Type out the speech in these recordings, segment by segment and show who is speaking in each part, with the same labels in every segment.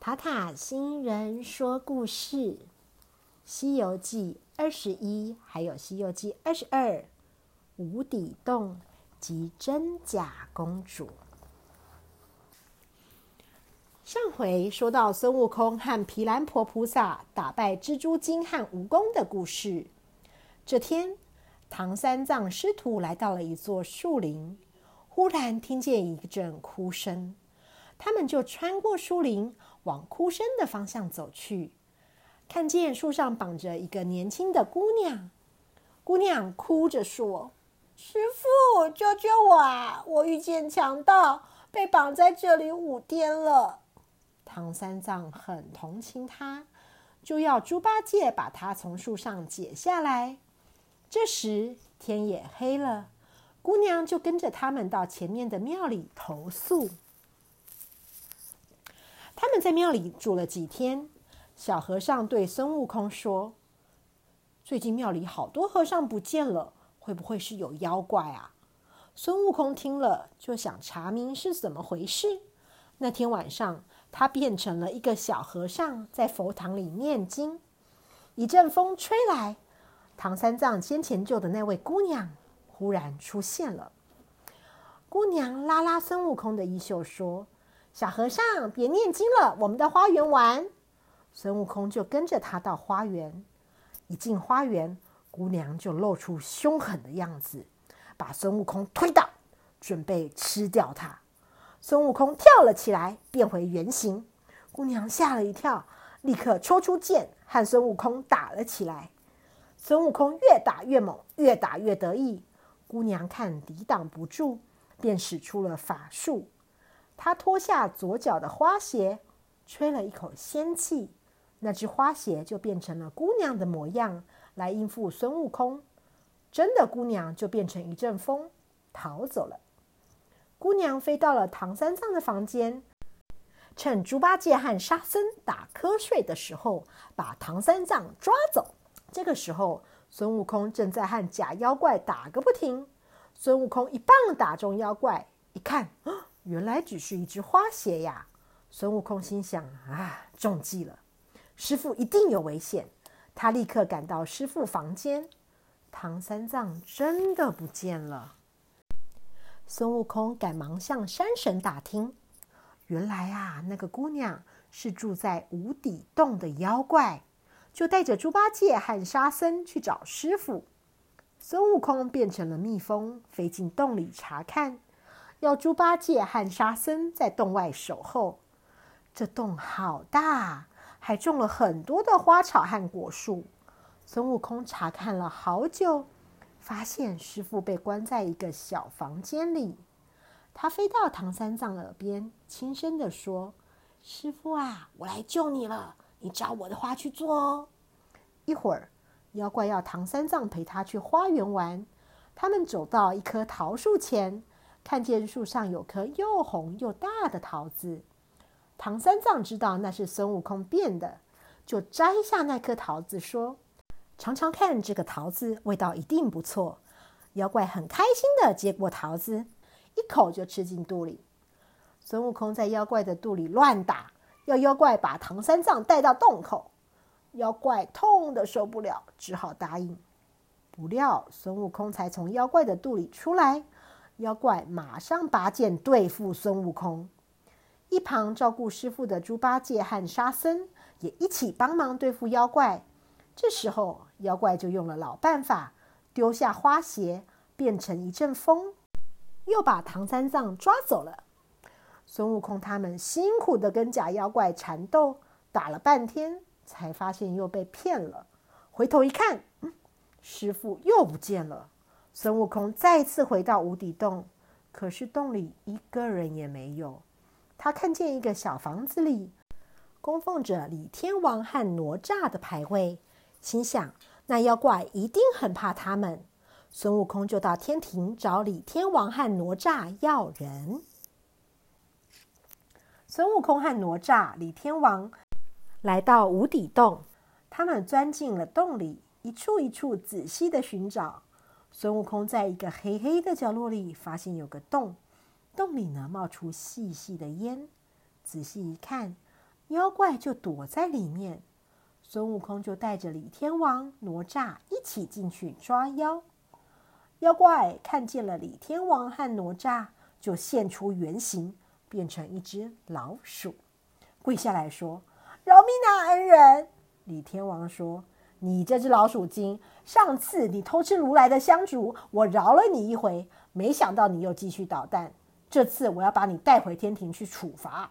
Speaker 1: 塔塔星人說故事，《西遊記》二十一，還有《西遊記》二十二，《無底洞》及《真假公主》。上回說到孫悟空和毗藍婆菩薩打敗蜘蛛精和蜈蚣的故事。這天，唐三藏師徒來到了一座樹林，忽然聽見一陣哭聲，他們就穿過樹林。往哭聲的方向走去，看見樹上綁着一個年輕的姑娘，姑娘哭着說：“師傅，救救我啊！我遇見強盜，被綁在這裡五天了。”唐三藏很同情她，就要豬八戒把她從樹上解下來。這時天也黑了，姑娘就跟着他們到前面的廟裡投宿。他們在廟裡住了幾天，小和尚對孫悟空說：“最近廟裡好多和尚不見了，會不會是有妖怪啊？”孫悟空聽了就想查明是怎麼回事。那天晚上，他變成了一個小和尚，在佛堂裡念經。一陣風吹來，唐三藏先前救的那位姑娘忽然出現了。姑娘拉拉孫悟空的衣袖說：小和尚，別念經了，我們到花園玩。孫悟空就跟着他到花園。一進花園，姑娘就露出凶狠的樣子，把孫悟空推倒，準備吃掉他。孫悟空跳了起來，變回原形。姑娘嚇了一跳，立刻抽出劍和孫悟空打了起來。孫悟空越打越猛，越打越得意。姑娘看抵擋不住，便使出了法術。他脫下左腳的花鞋，吹了一口仙氣，那隻花鞋就變成了姑娘的模樣，來應付孫悟空。真的姑娘就變成一陣風逃走了。姑娘飛到了唐三藏的房間，趁豬八戒和沙僧打瞌睡的時候，把唐三藏抓走。這個時候，孫悟空正在和假妖怪打個不停。孫悟空一棒打中妖怪，一看。原來只是一隻花鞋呀！孫悟空心想：“啊，中計了！師傅一定有危險。”他立刻趕到師傅房間，唐三藏真的不見了。孫悟空趕忙向山神打聽，原來啊，那個姑娘是住在無底洞的妖怪，就帶着豬八戒和沙僧去找師傅。孫悟空變成了蜜蜂，飛進洞裡查看。要豬八戒和沙僧在洞外守候。這洞好大，還種了很多的花草和果樹。孫悟空查看了好久，發現師父被關在一個小房間裡。他飛到唐三藏耳邊，輕聲地說：“師父啊，我來救你了。你照我的話去做哦。”一會兒，妖怪要唐三藏陪他去花園玩。他們走到一棵桃樹前。看見樹上有顆又紅又大的桃子，唐三藏知道那是孫悟空變的，就摘下那顆桃子說：“嚐嚐看，這個桃子味道一定不錯。”妖怪很開心的接過桃子，一口就吃進肚裡。孫悟空在妖怪的肚裡亂打，要妖怪把唐三藏帶到洞口。妖怪痛得受不了，只好答應。不料孫悟空才從妖怪的肚裡出來。妖怪馬上拔劍對付孫悟空，一旁照顧師傅的豬八戒和沙僧也一起幫忙對付妖怪。這時候，妖怪就用了老辦法，丟下花鞋，變成一陣風，又把唐三藏抓走了。孫悟空他們辛苦的跟假妖怪纏鬥，打了半天，才發現又被騙了。回頭一看，嗯，師傅又不見了。孫悟空再次回到無底洞，可是洞裡一個人也沒有。他看見一個小房子裡供奉着李天王和哪吒的牌位，心想：那妖怪一定很怕他們。孫悟空就到天庭找李天王和哪吒要人。孫悟空和哪吒、李天王來到無底洞，他們鑽進了洞裡，一處一處仔細的尋找。孫悟空在一個黑黑的角落裡發現有個洞，洞裡呢，冒出細細的煙。仔細一看，妖怪就躲在裡面。孫悟空就帶着李天王、哪吒一起進去抓妖。妖怪看見了李天王和哪吒，就現出原形，變成一隻老鼠，跪下來說：“饒命啊，恩人！”李天王說。你這隻老鼠精，上次你偷吃如來的香燭，我饒了你一回，沒想到你又繼續搗蛋，這次我要把你帶回天庭去處罰。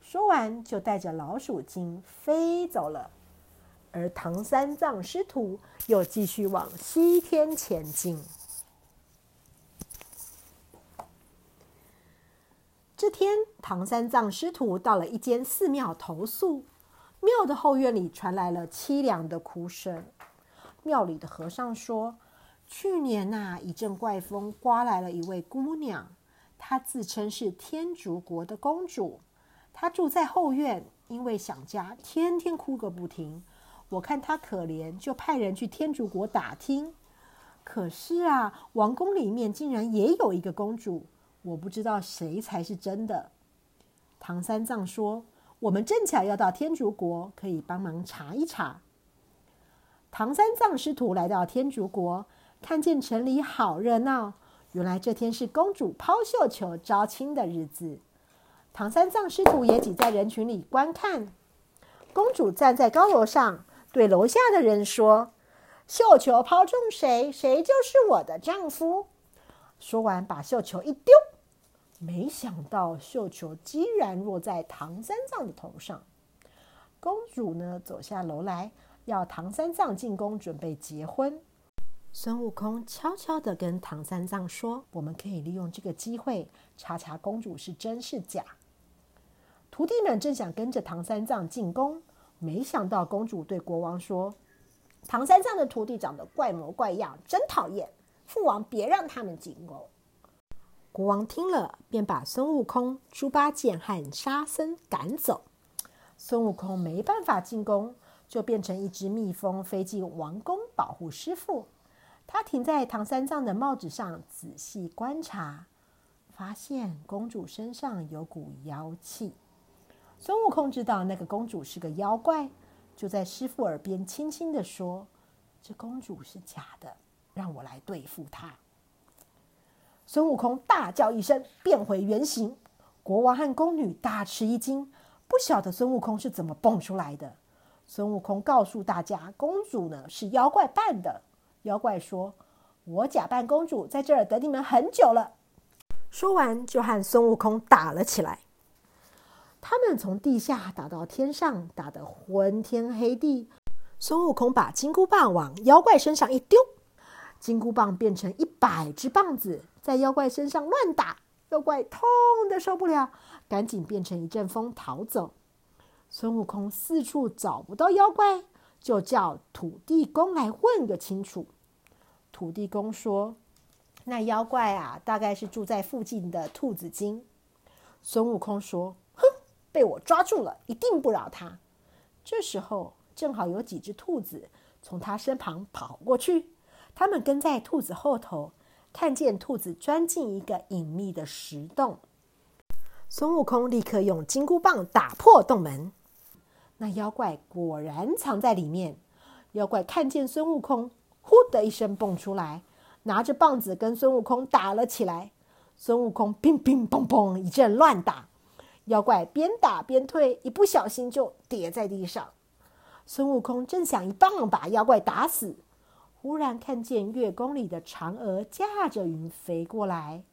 Speaker 1: 說完，就帶着老鼠精飛走了。而唐三藏師徒又繼續往西天前進。這天，唐三藏師徒到了一間寺廟投宿。廟的後院裡傳來了淒涼的哭聲。廟裡的和尚說：“去年吶，一陣怪風颳來了一位姑娘，她自稱是天竺國的公主。她住在後院，因為想家，天天哭個不停。我看她可憐，就派人去天竺國打聽。可是啊，王宮裡面竟然也有一個公主，我不知道誰才是真的。”唐三藏說。我們正巧要到天竺國，可以幫忙查一查。唐三藏師徒來到天竺國，看見城裡好熱鬧。原來這天是公主拋繡球招親的日子。唐三藏師徒也擠在人群裡觀看。公主站在高樓上，對樓下的人說：“繡球拋中誰，誰就是我的丈夫。”說完，把繡球一丟。沒想到繡球居然落在唐三藏的頭上。公主呢，走下樓來，要唐三藏進宮準備結婚。孫悟空悄悄的跟唐三藏說：“我們可以利用這個機會查查公主是真是假。”徒弟們正想跟着唐三藏進宮，沒想到公主對國王說：“唐三藏的徒弟長得怪模怪樣，真討厭！父王，別讓他們進宮。”國王聽了，便把孫悟空、豬八戒和沙僧趕走。孫悟空沒辦法進宮，就變成一隻蜜蜂飛進王宮保護師傅。他停在唐三藏的帽子上，仔細觀察，發現公主身上有股妖氣。孫悟空知道那個公主是個妖怪，就在師傅耳邊輕輕地說：“這公主是假的，讓我來對付她。”孫悟空大叫一聲，變回原形。國王和宮女大吃一驚，不曉得孫悟空是怎麼蹦出來的。孫悟空告訴大家：“公主呢，是妖怪扮的。”妖怪說：“我假扮公主，在這兒等你們很久了。”說完，就和孫悟空打了起來。他們從地下打到天上，打得昏天黑地。孫悟空把金箍棒往妖怪身上一丟。金箍棒變成一百隻棒子，在妖怪身上亂打，妖怪痛得受不了，趕緊變成一陣風逃走。孫悟空四處找不到妖怪，就叫土地公來問個清楚。土地公說：“那妖怪啊，大概是住在附近的兔子精。”孫悟空說：“哼，被我抓住了，一定不饒他。”這時候正好有幾隻兔子從他身旁跑過去。他們跟在兔子後頭，看見兔子鑽進一個隱秘的石洞。孫悟空立刻用金箍棒打破洞門，那妖怪果然藏在裡面。妖怪看見孫悟空，呼的一聲蹦出來，拿着棒子跟孫悟空打了起來。孫悟空乒乒乓乓一陣亂打，妖怪邊打邊退，一不小心就跌在地上。孫悟空正想一棒把妖怪打死。忽然看見月宮裡的嫦娥駕着雲飛過來。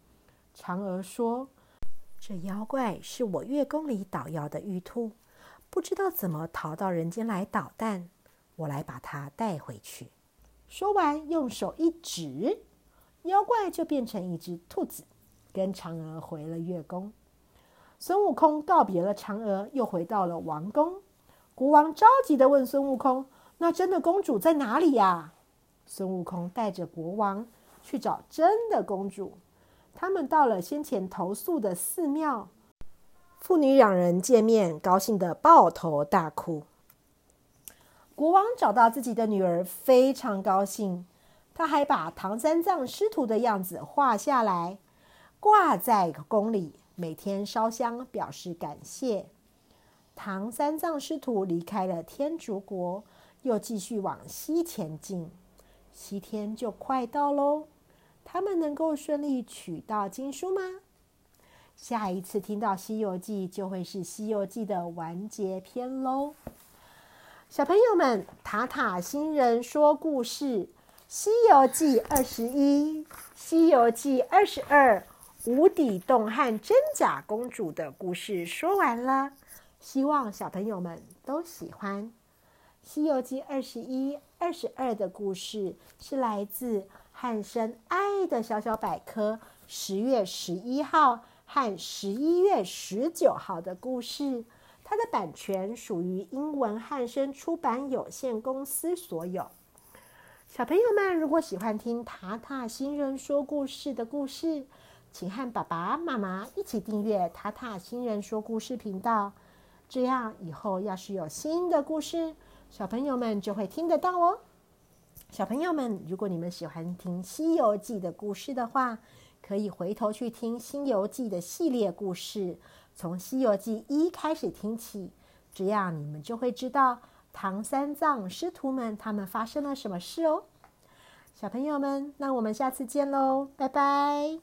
Speaker 1: 嫦娥說：“這妖怪是我月宮裡搗藥的玉兔，不知道怎麼逃到人間來搗蛋，我來把它帶回去。”說完，用手一指，妖怪就變成一隻兔子，跟嫦娥回了月宮。孫悟空告別了嫦娥，又回到了王宮。國王着急地問孫悟空：“那真的公主在哪裡呀、啊？”孫悟空帶着國王去找真的公主。他們到了先前投宿的寺廟，父女兩人見面，高興得抱頭大哭。國王找到自己的女兒，非常高興。他還把唐三藏師徒的樣子畫下來，掛在宮裡，每天燒香表示感謝。唐三藏師徒離開了天竺國，又繼續往西前進。七天就快到嘍，他們能夠順利取到經書嗎？下一次聽到《西遊記》就會是《西遊記》的完結篇嘍。小朋友們，塔塔星人說故事，《西遊記》二十一，《西遊記》二十二，無底洞和真假公主的故事說完了，希望小朋友們都喜歡。《西遊記》二十一、二十二的故事是來自漢聲《愛的小小百科》十月十一號和十一月十九號的故事。它的版權屬於英文漢聲出版有限公司所有。小朋友們，如果喜歡聽塔塔星人說故事的故事，請和爸爸媽媽一起訂閱塔塔星人說故事頻道。這樣以後要是有新的故事，小朋友們就會聽得到哦。小朋友們，如果你們喜歡聽《西遊記》的故事的話，可以回頭去聽《西遊記》的系列故事，從《西遊記》一開始聽起，這樣你們就會知道唐三藏師徒們他們發生了什麼事哦。小朋友們，那我們下次見嘍，拜拜。